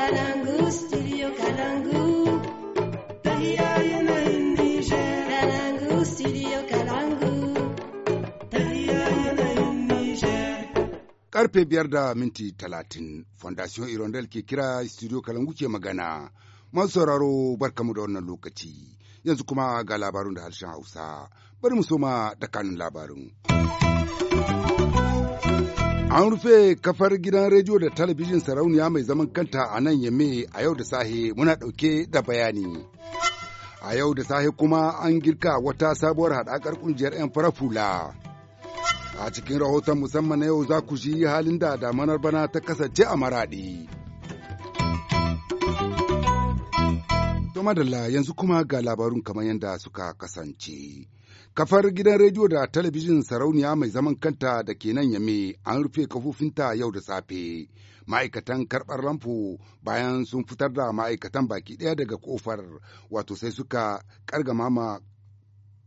kalangu karfe biyar da minti talatin fondation irondel ke kira studio kalangu ke magana masu sauraro barkamu da wannan lokaci yanzu kuma ga labarun da harshen hausa bari mu soma da kanun labarin. An rufe kafar gidan rediyo da talabijin sarauniya mai zaman kanta a nan yamme a yau da sahe muna ɗauke da bayani. A yau da sahe kuma an girka wata sabuwar haɗakar ƙungiyar 'yan farafula. A cikin rahoton musamman na yau za ku shi halin da damanar bana ta kasance a maraɗi. To madalla yanzu kuma ga labarun kamar yadda suka kasance. Kafar gidan rediyo da talabijin sarauniya mai zaman kanta da ke nan yame an rufe kafofinta yau da safe. Ma'aikatan karɓar lamfo bayan sun fitar da ma'aikatan baki ɗaya daga kofar, wato sai suka karga mama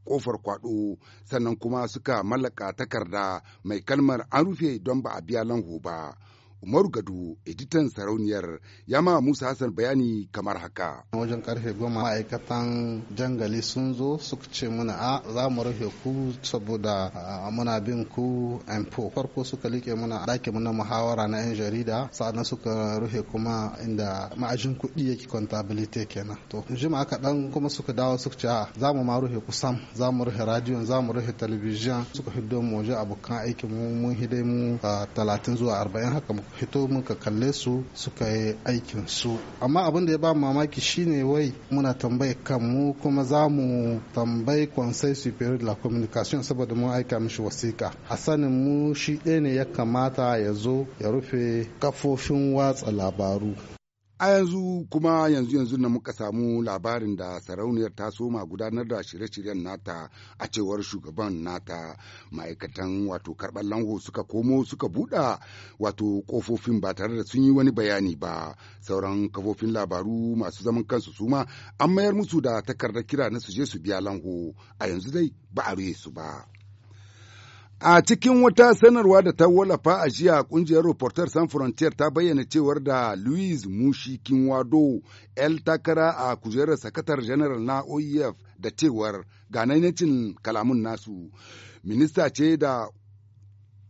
ƙofar kwaɗo sannan kuma suka mallaka takarda mai kalmar an rufe don ba a biya lanho ba. Umaru Gado, editan sarauniyar, ya ma Musa Hassan bayani kamar haka. Wajen karfe goma ma'aikatan jangali sun zo suka ce muna a za mu rufe ku saboda muna bin ku empo. Farko suka liƙe muna ɗakin muna muhawara na 'yan jarida sa'annan suka rufe kuma inda ma'ajin kuɗi yake contability kenan. To jima kaɗan kuma suka dawo suka ce a za mu ma rufe kusan, za mu rufe radiyon za mu rufe talabijin suka hiddo mu waje abokan aikin mu mun hidai mu talatin zuwa arba'in haka muka fito muka kalle su suka yi aikin su amma abin da ya ba mamaki shine wai muna tambaye mu kuma za mu tambayi conseil superior de la communication saboda mun aika mishi wasiƙa a sanin mu shi ɗaya ne ya kamata ya zo ya rufe kafofin watsa labaru a yanzu kuma yanzu yanzu na muka samu labarin da sarauniyar ta soma gudanar da shirye-shiryen nata a cewar shugaban nata ma'aikatan wato karɓar lanho suka komo suka buɗa wato ƙofofin ba tare da sun yi wani bayani ba sauran kafofin labaru masu zaman kansu suma an mayar musu da takardar kira na su je su biya lanho a yanzu dai ba a su ba. A cikin wata sanarwa da ta wallafa a jiya kungiyar Reporter San Frontier ta bayyana cewar da Louise Mushi Kinwado, El takara a kujerar sakatar janar na OEF da cewar gananacin kalamun nasu. Minista ce da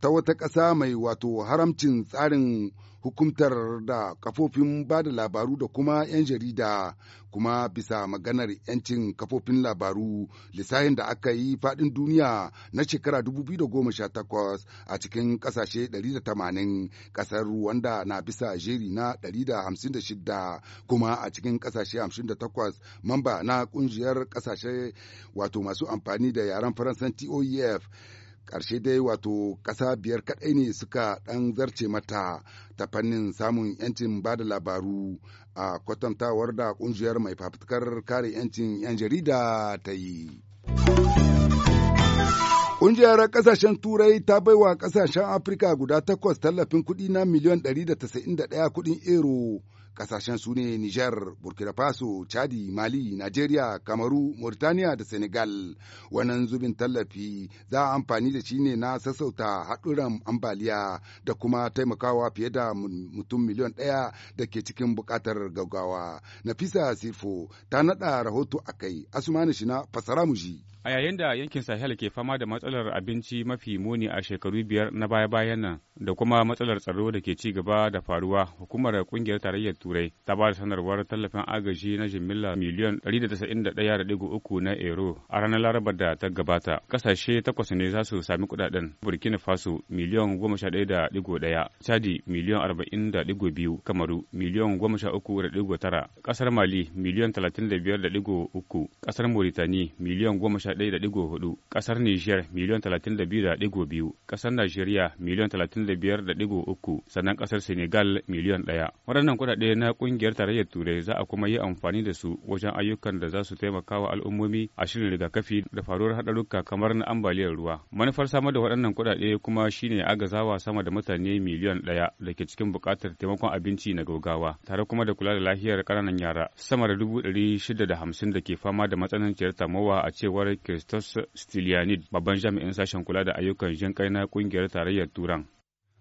ta wata ƙasa mai wato haramcin tsarin hukumtar da kafofin ba da labaru da kuma 'yan jarida kuma bisa maganar 'yancin kafofin labaru lissahin da aka yi faɗin duniya na shekara 2018 a cikin ƙasashe 180 ƙasar Rwanda na bisa jeri na 156 kuma a cikin ƙasashe 58 mamba na kungiyar ƙasashe wato masu amfani da yaren faransan toef. ƙarshe dai wato ƙasa biyar kaɗai ne suka ɗan zarce mata ta fannin samun 'yancin ba da labaru a kwatantawar da ƙungiyar mai fafutukar kare 'yancin 'yan jarida ta yi. Ƙungiyar ƙasashen Turai ta baiwa ƙasashen Afirka guda takwas tallafin kuɗi na miliyan 191 kuɗin ero Kasashen su ne Niger, Burkina Faso, Chadi, Mali, Nigeria, Kamaru, Mauritania da Senegal. Wannan zubin tallafi za a amfani da shi ne na sassauta haɗuran ambaliya da kuma taimakawa fiye da mutum miliyon ɗaya da ke cikin buƙatar gaggawa. Nafisa Sifo ta naɗa rahoto a kai, Asumani Shina, fasara mu ji. A yayin da yankin Sahel ke fama da matsalar abinci mafi muni a shekaru biyar na baya-bayan nan da kuma matsalar tsaro da ke ci gaba da faruwa, hukumar kungiyar tarayyar Turai ta ba da sanarwar tallafin agaji na jimilla miliyan 191.3 na euro a ranar Laraba da ta gabata. Kasashe takwas ne za su sami kudaden Burkina Faso miliyan 11.1, Chadi miliyan 40.2, Kamaru miliyan 13.9, kasar Mali miliyan 35.3, kasar Mauritani miliyan 11 41.4, kasar Nijar miliyon 32.2, kasar Najeriya miliyon 35.3, sannan kasar Senegal miliyon 1. Waɗannan kuɗaɗe na ƙungiyar tarayyar Turai za a kuma yi amfani da su wajen ayyukan da za su taimaka wa al'ummomi a shirin rigakafi da faruwar haɗarurruka kamar na ambaliyar ruwa. Manufar samar da waɗannan kuɗaɗe kuma shine agazawa sama da mutane miliyon ɗaya da ke cikin buƙatar taimakon abinci na gaugawa, tare kuma da kula da lafiyar ƙananan yara sama da dubu ɗari shida da ke fama da matsananciyar tamowa a cewar Christos Stylianid babban jami'in sashen kula da ayyukan jin kai na kungiyar tarayyar Turan.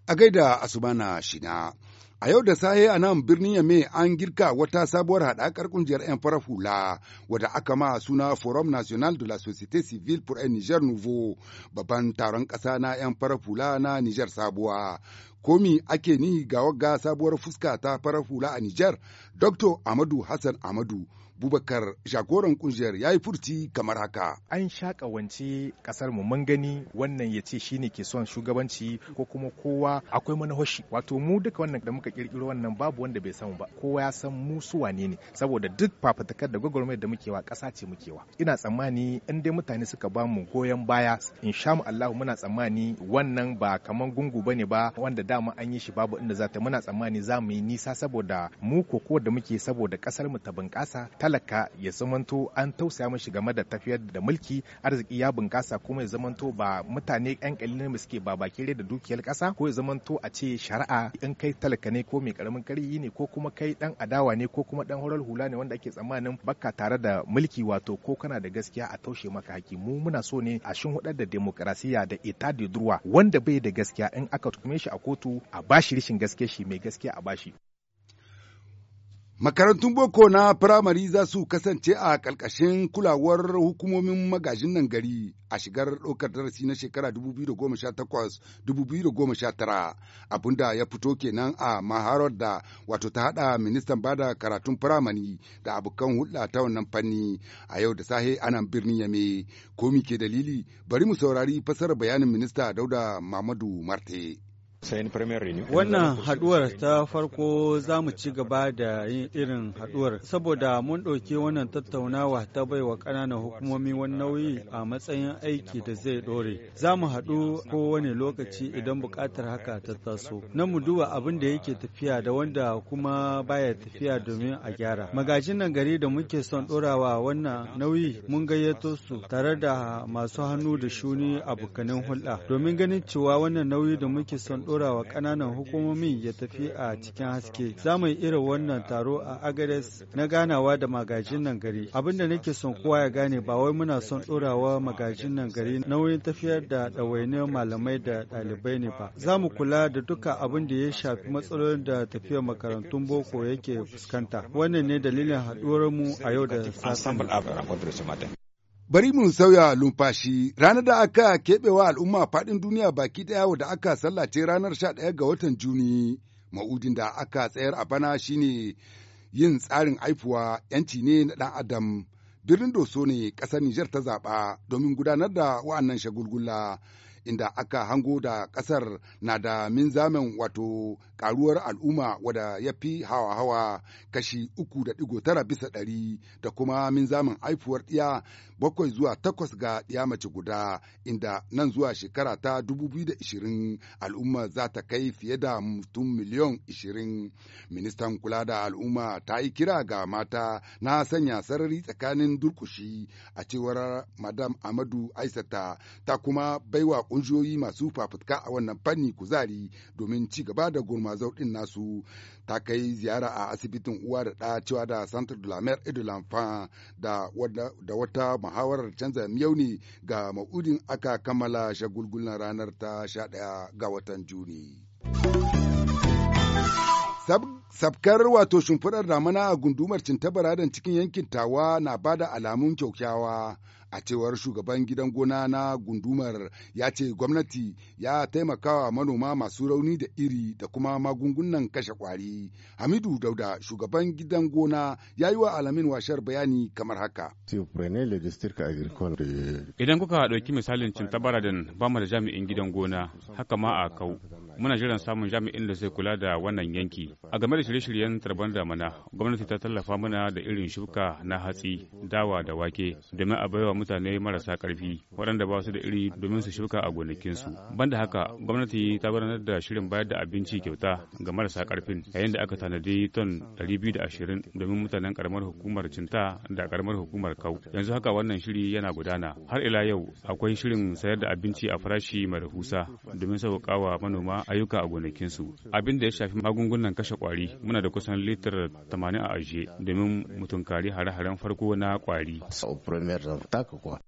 A gaida shi Shina, a yau da sahe a nan birnin Yame an girka wata sabuwar haɗakar kungiyar 'yan fara hula wadda aka ma suna Forum National de la Société Civile pour un Niger Nouveau babban taron ƙasa na 'yan fara hula na Niger sabuwa. komi ake ni ga wagga sabuwar fuska ta fara hula a Nijar, Dr. Amadu Hassan Amadu, Bubakar jagoran kungiyar ya yi furti kamar haka. An shakawance kasar mu mun gani wannan ya ce shi ne ke son shugabanci ko kuma kowa akwai manahoshi. Wato mu duka wannan da muka kirkiro wannan babu wanda bai san ba. Kowa ya san mu su wane ne saboda duk fafatakar da gwagwarmayar da muke wa ƙasa ce muke wa. Ina tsammani in dai mutane suka ba mu goyon baya insha mu Allahu muna tsammani wannan ba kaman gungu bane ba wanda dama an yi shi babu inda za ta muna tsammani za mu yi nisa saboda mu koko da muke saboda kasar mu ta bunƙasa talaka ya zamanto an tausaya mashi game da tafiyar da mulki arziki ya bunkasa kuma ya zamanto ba mutane yan kalilin suke ba bakin da dukiyar kasa ko ya zamanto a ce shari'a in kai talaka ne ko mai karamin karyi ne ko kuma kai dan adawa ne ko kuma dan horar hula ne wanda ake tsammanin baka tare da mulki wato ko kana da gaskiya a taushe maka haki mu muna so ne a hudar da demokrasiya da ita da durwa wanda bai da gaskiya in aka tukume shi a kotu a bashi rishin gaskiya shi mai gaskiya a bashi Makarantun boko na firamare za su kasance a ƙarƙashin kulawar hukumomin magajin nan gari a shigar ɗaukar darasi na shekara 2018-2019 abinda ya fito kenan a maharar da wato ta haɗa ministan bada karatun firamare da abokan hulɗa ta wannan fanni a yau da sahe ana birnin yame komi ke dalili bari mu saurari fasarar bayanin minista dauda mamadu marte. Wannan haduwar ta farko za mu ci gaba da yin irin haduwar saboda mun ɗauki wannan tattaunawa ta bai wa ƙananan hukumomi wani nauyi a matsayin aiki da zai dore, Za mu haɗu kowane lokaci idan buƙatar haka ta taso. Na mu duba abin da yake tafiya da wanda kuma baya tafiya domin a gyara. Magajin nan gari da muke son ɗorawa wannan nauyi mun gayyato su tare da masu hannu da shuni abokanin hulɗa domin ganin cewa wannan nauyi da muke son ɗora wa ƙananan hukumomi ya tafi a cikin haske. Za mu yi irin wannan taro a Agares. na ganawa da magajin nan gari. Abin da nake son kowa ya gane ba wai muna son ɗorawa magajin nan gari nauyin tafiyar da ɗawainiyar malamai da ɗalibai ne ba. Za mu kula da duka abin da ya shafi matsalolin da tafiyar makarantun boko yake fuskanta. Wannan ne dalilin haɗuwar mu a yau da safe. Bari mu sauya lumfashi ranar da aka keɓewa al'umma faɗin duniya baki ɗaya wadda aka sallace ranar sha ɗaya ga watan Juni, ma'udin da aka tsayar a bana shine yin tsarin haifuwa ‘yanci ne na ɗan Adam. Birnin Doso ne ƙasar Nijar ta zaɓa domin gudanar da wa'annan shagulgula. inda aka hango da ƙasar na da minzamin wato ƙaruwar al'umma wada ya fi hawa-hawa kashi uku da digo tara bisa ɗari da kuma minzamin haifuwar ɗiya bakwai zuwa takwas ga ɗiya mace guda inda nan zuwa shekara ta 2020 al'umma za ta kai fiye da mutum miliyon 20 ministan kula da al'umma ta yi kira ga mata na sanya sarari tsakanin durkushi a cewar madam amadu aisata ta kuma baiwa ƙungiyoyi masu fafutuka a wannan fanni kuzari domin ci gaba da gurmazau ɗin nasu ta kai ziyara a asibitin uwa da ɗa cewa da Centre de la Mer et de l'Enfant da wata muhawarar canza miyauni ga ma'udin aka kammala na ranar ta sha ɗaya ga watan Juni. Sabkar wato shimfiɗar damana a gundumar cintabaradan cikin yankin tawa na bada alamun kyaukyawa a cewar shugaban gidan gona na gundumar ya ce gwamnati ya taimakawa manoma masu rauni da iri da kuma magungunan kashe kwari hamidu dauda shugaban gidan gona ya yi wa alamin washar bayani kamar haka idan kuka ɗauki misalin cintabaradin ba mu da jami'in gidan gona haka ma a kau muna jiran samun jami'in da zai kula da wannan yanki a game da shirye-shiryen tarban damana gwamnati ta tallafa mana da irin shuka na hatsi dawa da wake domin a baiwa mutane marasa ƙarfi waɗanda ba su da iri domin su shuka a gonakinsu. Banda haka, gwamnati ta gudanar da shirin bayar da abinci kyauta ga marasa karfin yayin da aka tanadi ton 220 domin mutanen karamar hukumar Cinta da karamar hukumar Kau. Yanzu haka wannan shiri yana gudana. Har ila yau akwai shirin sayar da abinci a farashi mai rahusa domin sauƙawa manoma ayyuka a gonakinsu. Abin da ya shafi magungunan kashe kwari muna da kusan litar 80 a ajiye domin mutunkari hare-haren farko na kwari. kuwa.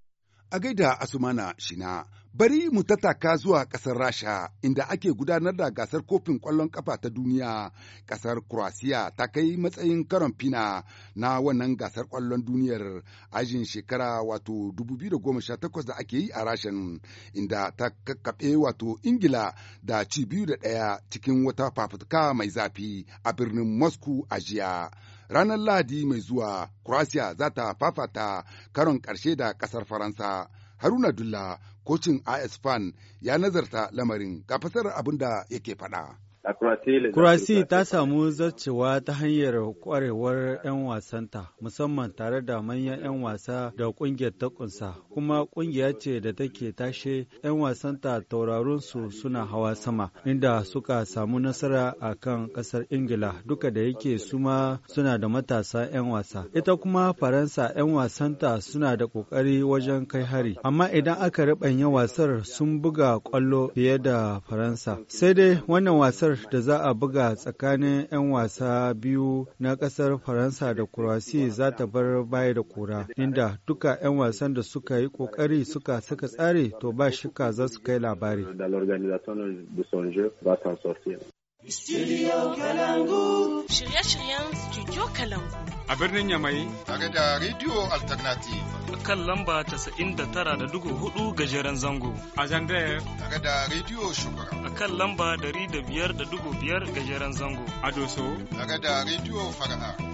A gaida Asumana Shina, bari mu tattaka zuwa ƙasar Rasha inda ake gudanar da gasar kofin ƙwallon ƙafa ta duniya. Ƙasar Kurasiya ta kai matsayin karon fina na wannan gasar ƙwallon duniyar ajin shekara wato 2018 da ake yi a Rashan inda ta kakkaɓe wato Ingila da ci biyu da ɗaya cikin wata fafutuka mai zafi a birnin Moscow a jiya. Ranar Lahadi mai zuwa, Croatia za ta fafata karon ƙarshe da ƙasar Faransa. Haruna Dulla, kocin AS Fan, ya nazarta lamarin ga fasarar abin da yake faɗa. Kurasi ta samu zarcewa ta hanyar kwarewar 'yan wasanta, musamman tare da manyan 'yan wasa da kungiyar ta kunsa, kuma kungiya ce da take tashe 'yan wasanta tauraron su suna hawa sama, inda suka samu nasara a kan ƙasar Ingila duka da yake suma suna da matasa 'yan wasa. Ita kuma Faransa 'yan wasanta suna da ƙoƙari wajen kai hari, amma idan aka wasar sun buga ƙwallo fiye da Faransa. Sai dai wannan wasar gasar da za a buga tsakanin 'yan wasa biyu na kasar Faransa da Kurasi za ta bar baya da kura, inda duka 'yan wasan da suka yi kokari suka saka tsare to ba shika za su kai labari. Shirye-shiryen shiryen Studio Kalangu. a birnin Yamai. Tare da Radio Alternative. A kan lamba 99.4 da da hudu gajeren zango. A Zandaya. Tare da Radio Shugura. A kan lamba dari da da biyar gajeren zango. A Doso. Tare da Radio Fara'a.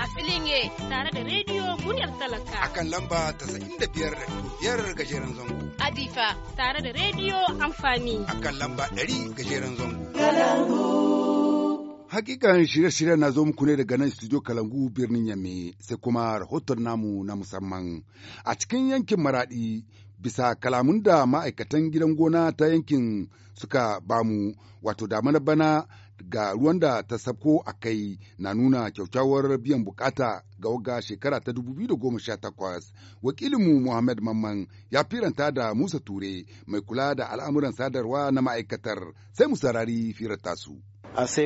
a filin ye tare da rediyo muryar talaka. A kan lamba tasa'in da biyar da biyar gajeren zango. Adifa tare da rediyo amfani. A kan lamba ɗari gajeren zango. Galangu. hakikan shirye-shirye na zo muku ne daga nan studio kalangu birnin yamme sai kuma rahoton namu na musamman a cikin yankin maradi bisa kalamun da ma'aikatan gidan gona ta yankin suka bamu wato damana bana ga ruwan da ta sabko a kai na nuna kyaukyawar biyan bukata ga waga shekara ta 2018 wakilinmu Muhammad Mamman ya firanta da Musa Ture mai kula da al'amuran sadarwa na ma'aikatar sai mu sarari firar tasu. En ce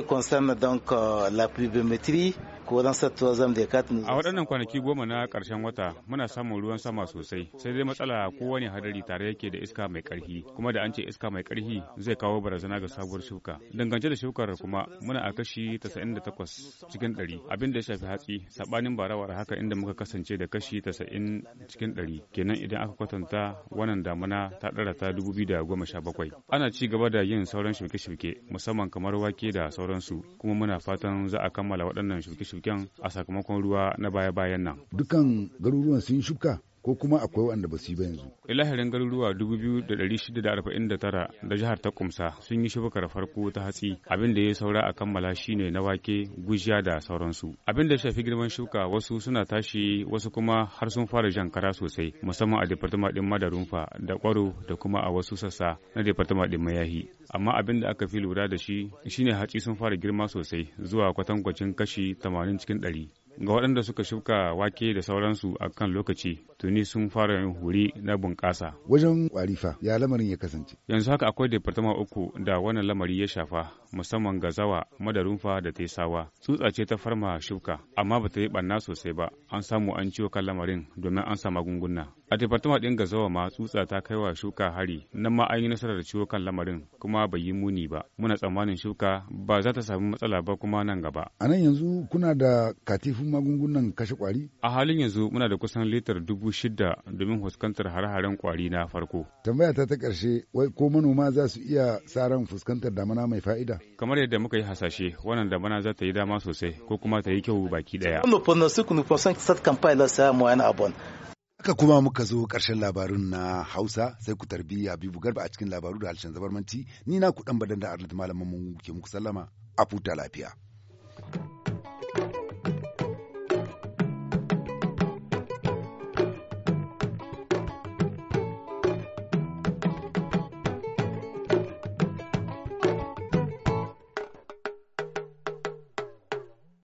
donc euh, la pluviométrie, ko zan sattuwa zan da a waɗannan kwanaki goma na ƙarshen wata muna samun ruwan sama sosai sai dai matsala kowane hadari tare yake da iska mai ƙarfi kuma da an ce iska mai ƙarfi zai kawo barazana ga sabuwar shuka dangance da shukar kuma muna a kashi 98 cikin 100 abin da ya shafi hatsi sabanin barawar haka inda muka kasance da kashi 90 cikin 100 kenan idan aka kwatanta wannan damuna ta ɗara ta 2017 ana ci gaba da yin sauran shuke-shuke musamman kamar wake da sauransu kuma muna fatan za a kammala waɗannan shuke-shuke shuke a sakamakon ruwa na baya-bayan nan. Dukan garuruwan sun shuka? ko kuma akwai wanda ba su yi ba yanzu. Ilahirin garuruwa 2,649 da jihar ta kumsa sun yi shubukar farko ta hatsi abin da ya saura a kammala shine na wake gujiya da sauransu. Abin da shafi girman shuka wasu suna tashi wasu kuma har sun fara jan kara sosai musamman a departama din madarunfa da kwaro da kuma a wasu sassa na departama din mayahi. Amma abin da aka fi lura da shi shine hatsi sun fara girma sosai zuwa kwatankwacin kashi 80 cikin 100. ga waɗanda suka shuka wake da sauransu a kan lokaci tuni sun fara yin huri na bunƙasa. Wajen kwarifa ya lamarin ya kasance. Yanzu haka akwai departama uku da wannan lamari ya shafa musamman ga zawa madarunfa da ta sawa, tsutsa ce ta farma shuka amma ba ta yi ɓanna sosai ba an samu an ciwo kan lamarin domin an sa magunguna. a din ɗin zawa ma tsutsa ta kai wa shuka hari nan ma an yi nasarar ciwo kan lamarin kuma bai yi muni ba muna tsammanin shuka ba za ta sami matsala ba kuma nan gaba a nan yanzu kuna da katifin magungunan kashe kwari a halin yanzu muna da kusan litar dubu shida domin fuskantar hare-haren kwari na farko tambaya ta ta ƙarshe wai ko manoma za su iya saran fuskantar damana mai fa'ida kamar yadda muka yi hasashe wannan damana za ta yi dama sosai ko kuma ta yi kyau baki ɗaya. Haka kuma muka zo ƙarshen labarun na Hausa sai ku tarbi Habibu Garba a cikin labaru da harshen zabarmanci ni na ku dan badan da Arnold malamin mu ke muku sallama a futa lafiya.